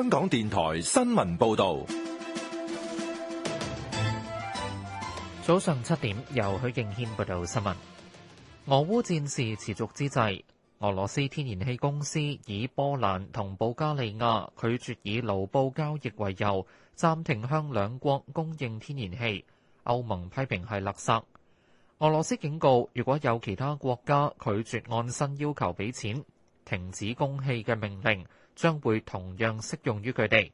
香港電台新聞報道，早上七點由許敬軒報道新聞。俄烏戰事持續之際，俄羅斯天然氣公司以波蘭同保加利亞拒絕以盧布交易為由，暫停向兩國供應天然氣。歐盟批評係勒索。俄羅斯警告，如果有其他國家拒絕按新要求俾錢，停止供氣嘅命令，將會同樣適用於佢哋。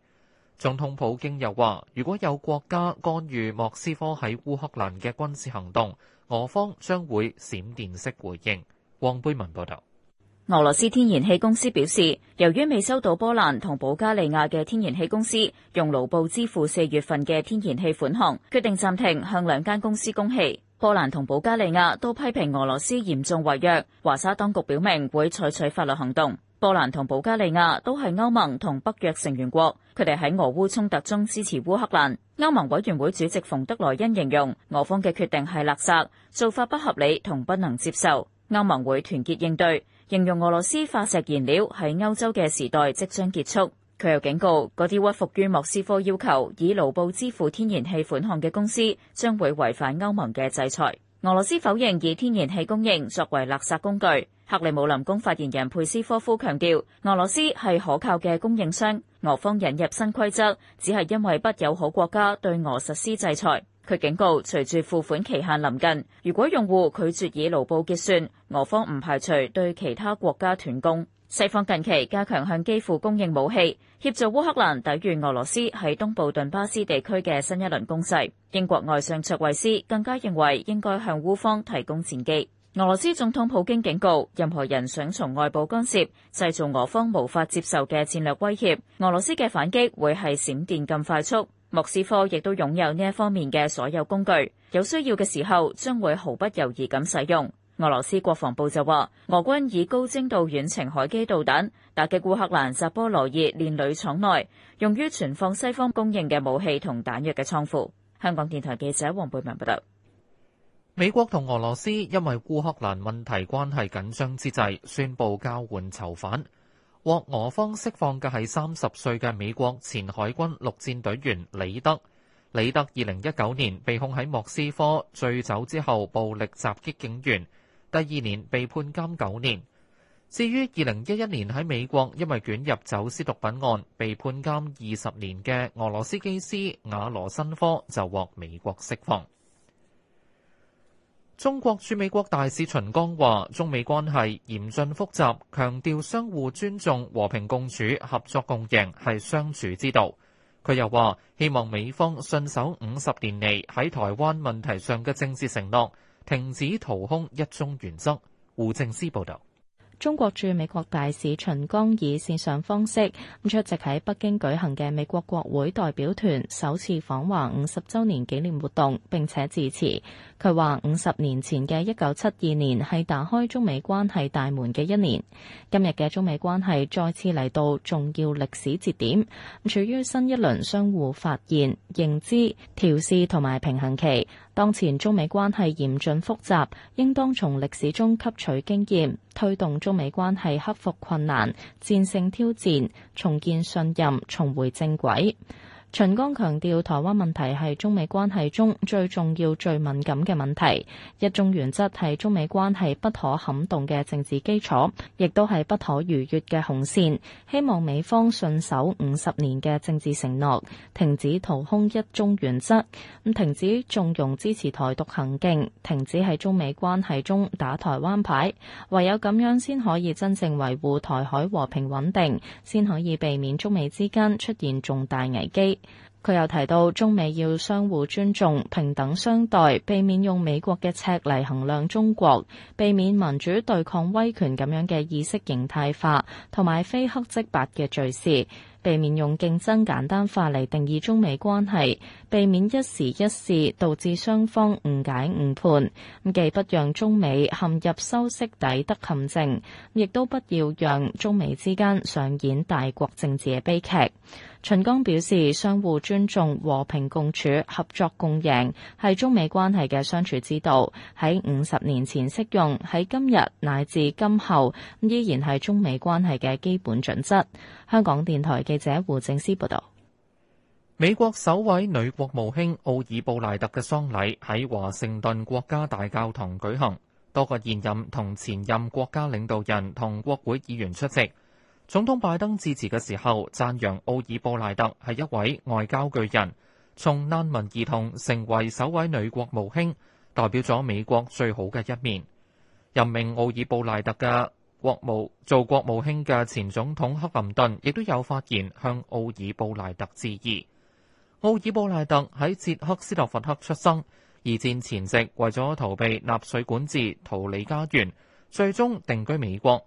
總統普京又話：如果有國家干預莫斯科喺烏克蘭嘅軍事行動，俄方將會閃電式回應。黃貝文報導。俄羅斯天然氣公司表示，由於未收到波蘭同保加利亞嘅天然氣公司用盧布支付四月份嘅天然氣款項，決定暫停向兩間公司供氣。波蘭同保加利亞都批評俄羅斯嚴重違約，華沙當局表明會採取取法律行動。波蘭同保加利亞都係歐盟同北約成員國，佢哋喺俄烏衝突中支持烏克蘭。歐盟委員會主席馮德萊恩形容俄方嘅決定係勒索，做法不合理同不能接受。歐盟會團結應對，形容俄羅斯化石燃料喺歐洲嘅時代即將結束。佢又警告嗰啲屈服於莫斯科要求以盧布支付天然氣款項嘅公司將會違反歐盟嘅制裁。俄羅斯否認以天然氣供應作為勒索工具。克里姆林宮發言人佩斯科夫強調，俄羅斯係可靠嘅供應商，俄方引入新規則只係因為不友好國家對俄實施制裁。佢警告，隨住付款期限臨近，如果用戶拒絕以盧布結算，俄方唔排除對其他國家斷供。西方近期加強向基輔供應武器，協助烏克蘭抵禦俄羅斯喺東部頓巴斯地區嘅新一輪攻勢。英國外相卓慧思更加認為，應該向烏方提供戰機。俄羅斯總統普京警告，任何人想從外部干涉，製造俄方無法接受嘅戰略威脅。俄羅斯嘅反擊會係閃電咁快速。莫斯科亦都擁有呢一方面嘅所有工具，有需要嘅時候將會毫不猶豫咁使用。俄羅斯國防部就話，俄軍以高精度遠程海基導彈打擊烏克蘭扎波羅熱煉鋁廠內用於存放西方供應嘅武器同彈藥嘅倉庫。香港電台記者黃貝文報道。美國同俄羅斯因為烏克蘭問題關係緊張之際，宣佈交換囚犯，獲俄方釋放嘅係三十歲嘅美國前海軍陸戰隊員李德。李德二零一九年被控喺莫斯科醉酒之後暴力襲擊警員，第二年被判監九年。至於二零一一年喺美國因為捲入走私毒品案被判監二十年嘅俄羅斯機師瓦羅申科就獲美國釋放。中國駐美國大使秦剛話：中美關係嚴峻複雜，強調相互尊重、和平共處、合作共贏係相處之道。佢又話：希望美方信守五十年嚟喺台灣問題上嘅政治承諾，停止掏空一中原則。胡正思報道。中國駐美國大使秦剛以線上方式出席喺北京舉行嘅美國國會代表團首次訪華五十周年紀念活動，並且致辭。佢話：五十年前嘅一九七二年係打開中美關係大門嘅一年。今日嘅中美關係再次嚟到重要歷史節點，處於新一輪相互發現、認知、調試同埋平衡期。當前中美關係嚴峻複雜，應當從歷史中吸取經驗，推動中美關係克服困難、戰勝挑戰、重建信任、重回正軌。秦剛強調，台灣問題係中美關係中最重要、最敏感嘅問題。一中原則係中美關係不可撼動嘅政治基礎，亦都係不可逾越嘅紅線。希望美方信守五十年嘅政治承諾，停止掏空一中原則，咁停止縱容支持台獨行徑，停止喺中美關係中打台灣牌。唯有咁樣先可以真正維護台海和平穩定，先可以避免中美之間出現重大危機。佢又提到，中美要相互尊重、平等相待，避免用美國嘅尺嚟衡量中國，避免民主對抗威權咁樣嘅意識形態化，同埋非黑即白嘅敘事，避免用競爭簡單化嚟定義中美關係，避免一時一事導致雙方誤解誤判。咁既不讓中美陷入修昔底德陷阱，亦都不要讓中美之間上演大國政治嘅悲劇。秦剛表示，相互尊重、和平共處、合作共贏係中美關係嘅相處之道，喺五十年前適用，喺今日乃至今後依然係中美關係嘅基本準則。香港電台記者胡正思報道。美國首位女國務卿奧爾布賴特嘅喪禮喺華盛頓國家大教堂舉行，多個現任同前任國家領導人同國會議員出席。總統拜登致辭嘅時候，讚揚奧爾布賴特係一位外交巨人，從難民兒童成為首位女國務卿，代表咗美國最好嘅一面。任命奧爾布賴特嘅國務、做國務卿嘅前總統克林頓亦都有發言，向奧爾布賴特致意。奧爾布賴特喺捷克斯洛伐克出生，二戰前夕為咗逃避納粹管治，逃離家園，最終定居美國。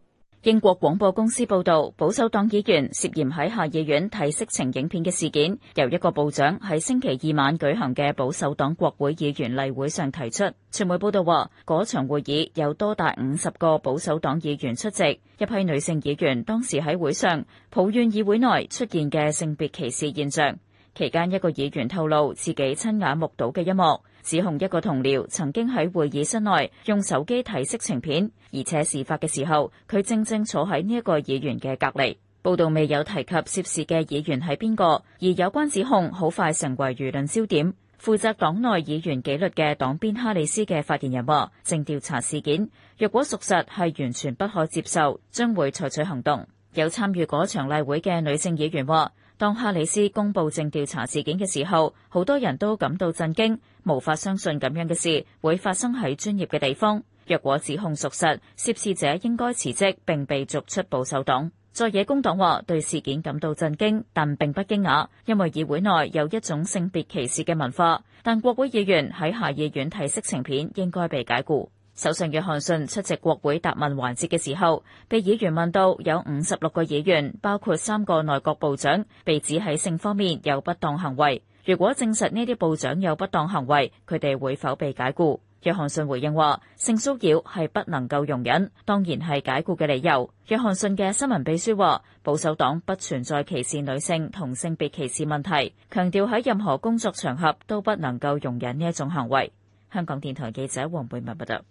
英國廣播公司報道，保守黨議員涉嫌喺下議院睇色情影片嘅事件，由一個部長喺星期二晚舉行嘅保守黨國會議員例會上提出。傳媒報道話，嗰場會議有多達五十個保守黨議員出席，一批女性議員當時喺會上抱怨議會內出現嘅性別歧視現象。期間，一個議員透露自己親眼目睹嘅一幕。指控一個同僚曾經喺會議室內用手機睇色情片，而且事發嘅時候，佢正正坐喺呢一個議員嘅隔離。報道未有提及涉事嘅議員係邊個，而有關指控好快成為輿論焦點，負責黨內議員紀律嘅黨鞭哈里斯嘅發言人話正調查事件，若果屬實係完全不可接受，將會採取行動，有參與嗰場例會嘅女性議員話。當哈里斯公布正調查事件嘅時候，好多人都感到震驚，無法相信咁樣嘅事會發生喺專業嘅地方。若果指控屬實，涉事者應該辭職並被逐出保守黨。在野工黨話對事件感到震驚，但並不驚訝，因為議會內有一種性別歧視嘅文化。但國會議員喺下議院睇色情片應該被解雇。首相約翰遜出席國會答問環節嘅時候，被議員問到有五十六個議員，包括三個內閣部長，被指喺性方面有不當行為。如果證實呢啲部長有不當行為，佢哋會否被解僱？約翰遜回應話：性騷擾係不能夠容忍，當然係解僱嘅理由。約翰遜嘅新聞秘書話：保守黨不存在歧視女性同性別歧視問題，強調喺任何工作場合都不能夠容忍呢一種行為。香港電台記者黃貝文報道。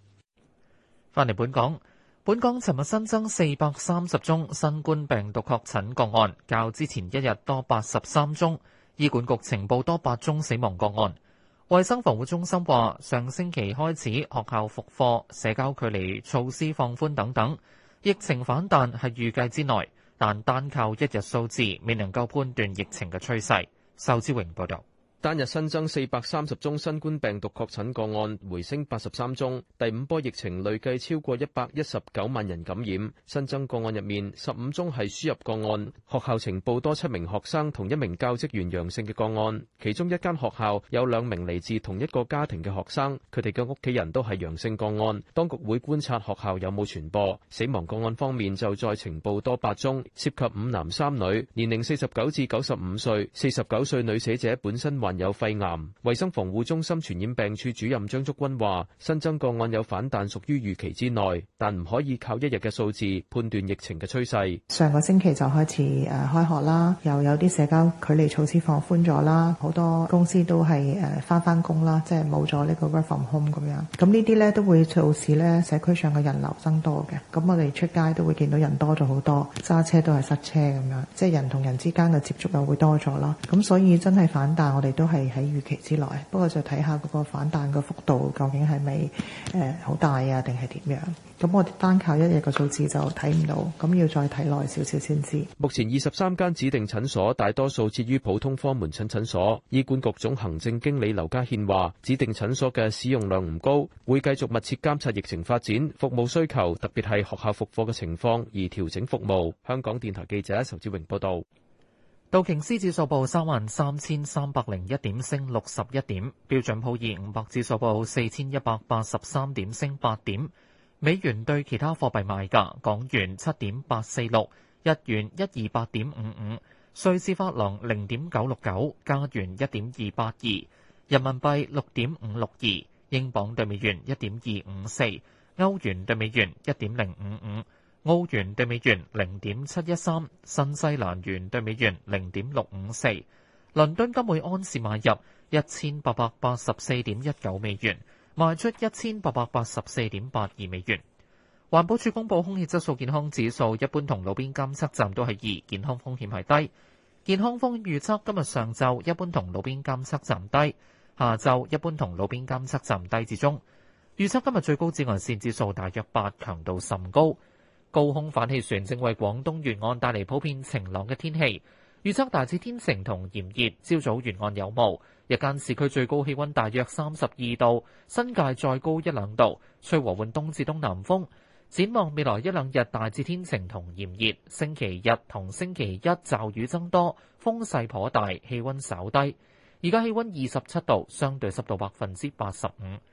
翻嚟本港，本港尋日新增四百三十宗新冠病毒確診個案，較之前一日多八十三宗。醫管局呈報多八宗死亡個案。衛生防護中心話：上星期開始學校復課、社交距離措施放寬等等，疫情反彈係預計之內，但單靠一日數字未能夠判斷疫情嘅趨勢。仇志榮報道。單日新增四百三十宗新冠病毒確診個案，回升八十三宗。第五波疫情累計超過一百一十九萬人感染。新增個案入面，十五宗係輸入個案。學校呈報多七名學生同一名教職員陽性嘅個案，其中一間學校有兩名嚟自同一個家庭嘅學生，佢哋嘅屋企人都係陽性個案。當局會觀察學校有冇傳播。死亡個案方面就再呈報多八宗，涉及五男三女，年齡四十九至九十五歲。四十九歲女死者本身患。有肺癌，衛生防護中心傳染病處主任張竹君話：新增個案有反彈，屬於預期之內，但唔可以靠一日嘅數字判斷疫情嘅趨勢。上個星期就開始誒開學啦，又有啲社交距離措施放寬咗啦，好多公司都係誒返返工啦，即係冇咗呢個 work from home 咁樣。咁呢啲咧都會導致咧社區上嘅人流增多嘅。咁我哋出街都會見到人多咗好多，揸車都係塞車咁樣，即係人同人之間嘅接觸又會多咗啦。咁所以真係反彈，我哋都。都係喺預期之內，不過就睇下嗰個反彈個幅度究竟係咪誒好大啊，定係點樣？咁我哋單靠一日個數字就睇唔到，咁要再睇耐少少先知。目前二十三間指定診所，大多數設於普通科門診診所。醫管局總行政經理劉家獻話：指定診所嘅使用量唔高，會繼續密切監察疫情發展、服務需求，特別係學校復課嘅情況而調整服務。香港電台記者仇志榮報導。道瓊斯指數報三萬三千三百零一點，升六十一點；標準普爾五百指數報四千一百八十三點，升八點。美元對其他貨幣賣價：港元七點八四六，日元一二八點五五，瑞士法郎零點九六九，加元一點二八二，人民幣六點五六二，英鎊對美元一點二五四，歐元對美元一點零五五。澳元對美元零點七一三，新西蘭元對美元零點六五四。倫敦金匯安士買入一千八百八十四點一九美元，賣出一千八百八十四點八二美元。環保署公布空氣質素健康指數，一般同路邊監測站都係二，健康風險係低。健康風險預測今日上晝一般同路邊監測站低，下晝一般同路邊監測站低至中。預測今日最高紫外線指數大約八，強度甚高。高空反氣旋正為廣東沿岸帶嚟普遍晴朗嘅天氣，預測大致天晴同炎熱，朝早沿岸有霧，日間市區最高氣温大約三十二度，新界再高一兩度，吹和緩東至東南風。展望未來一兩日大致天晴同炎熱，星期日同星期一驟雨增多，風勢頗大，氣温稍低。而家氣温二十七度，相對濕度百分之八十五。